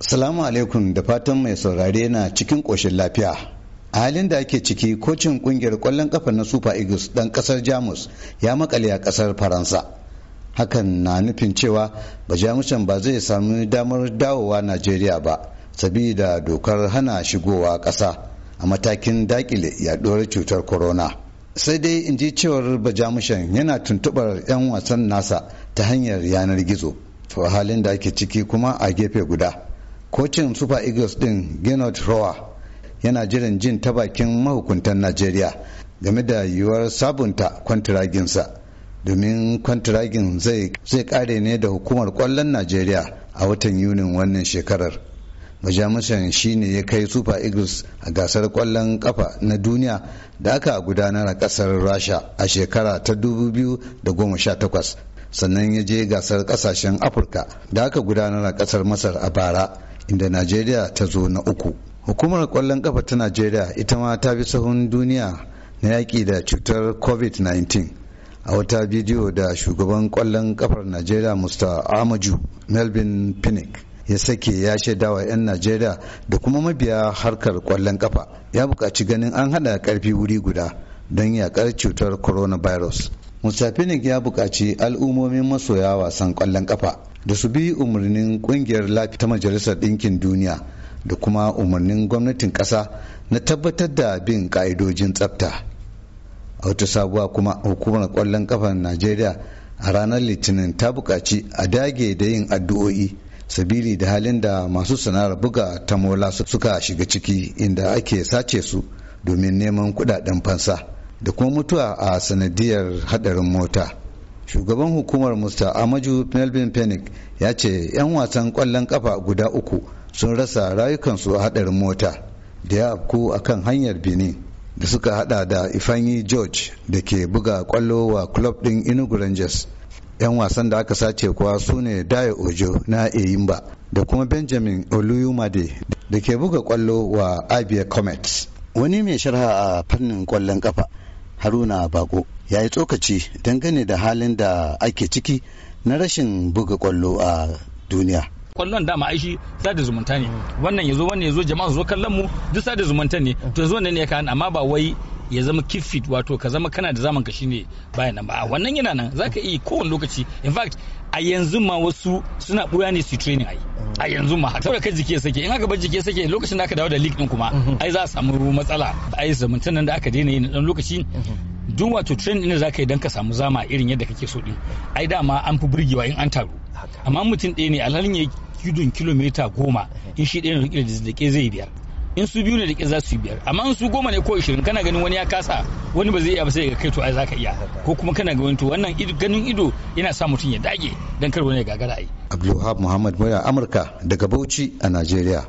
Salamu alaikum da fatan mai saurare na cikin ƙoshin lafiya. A halin da ake ciki kocin kungiyar ƙwallon ƙafa na Super Eagles ɗan ƙasar Jamus ya makale a ƙasar Faransa. Hakan na nufin cewa ba Jamusan ba zai samu damar dawowa Najeriya ba, sabida dokar hana shigowa ƙasa a matakin dakile yaɗuwar cutar corona. Sai dai in ji cewar Bajamushan yana tuntuɓar 'yan wasan nasa ta hanyar yanar gizo. To halin da ake ciki kuma a gefe guda. kocin super eagles din gennard rowa yana jiran jin ta bakin mahukuntan najeriya game da yiwuwar sabunta kwantiraginsa domin kwantiragin zai kare ne da hukumar kwallon najeriya a watan yunin wannan shekarar majamusan shine ya kai super eagles a gasar kwallon kafa na duniya da aka gudanar a kasar rasha a shekara ta 2018 sannan ya je gasar kasashen afirka da aka gudanar a kasar masar a bara inda najeriya ta zo na uku hukumar kwallon kafa ta najeriya ita ma ta bi sahun duniya na yaƙi da cutar covid-19 a wata bidiyo da shugaban kwallon kafar najeriya mr amaju melvin pinnick ya sake ya shaidawa 'yan najeriya da kuma mabiya harkar kwallon kafa ya buƙaci ganin an haɗa ƙarfi wuri guda don yaƙar cutar coronavirus musafinik ya buƙaci al'ummomin masoya wasan ƙwallon ƙafa da su bi umarnin ƙungiyar lafiya ta majalisar ɗinkin duniya da kuma umarnin gwamnatin ƙasa na tabbatar da bin ƙa'idojin tsafta a wata sabuwa kuma hukumar ƙwallon ƙafar najeriya a ranar litinin ta buƙaci a dage da yin addu'o'i sabili da halin da masu sana'ar buga ta mola suka shiga ciki inda ake sace su domin neman kuɗaɗen fansa. da kuma mutuwa a sanadiyar hadarin mota shugaban hukumar musta amaju melvin penick ya ce 'yan wasan kwallon kafa guda uku sun rasa rayukansu a hadarin mota da ya afku a kan hanyar benin da suka hada da ifanyi george da ke buga kwallo wa club din inugu rangers 'yan wasan da aka sace kuwa su ne dayo ojo na eyimba da kuma benjamin oluyumade da ke buga kwallo wa abia comets wani mai sharha a fannin kwallon kafa haruna bako ya yi tsokaci dangane da halin da ake ciki na rashin buga kwallo a duniya kwallon dama aishi sa da zumunta ne wannan yazo wannan yazo jama'a su zo kallon mu duk da zumunta ne to yazo ne ya kan amma ba wai ya zama kifit wato ka zama kana da zaman ka shine bayan nan ba wannan yana nan zaka iya kowane lokaci in fact a yanzu ma wasu suna buya ne su training ai a yanzu ma saboda kai jiki ya sake in aka bar jiki ya sake lokacin da aka dawo da league din kuma mhm. ai za a samu matsala ai zamantan nan da aka daina yin dan lokaci mhm. duk wato training ne zaka yi dan ka samu zama irin yadda kake so din ai dama an fi burgewa in an taru amma mutum ɗaya ne alhalin ya gudun kilomita goma in shi ɗaya da da ke zai biyar in su biyu ne da za su biyar amma in su goma ne ko ishirin kana ganin wani ya kasa wani ba zai iya ba sai ga kai to ai zaka iya ko kuma kana ganin to wannan ganin ido yana sa mutum ya dage dan kar wani ya gagara ai Abdulwahab Muhammad Mura Amurka daga Bauchi a Najeriya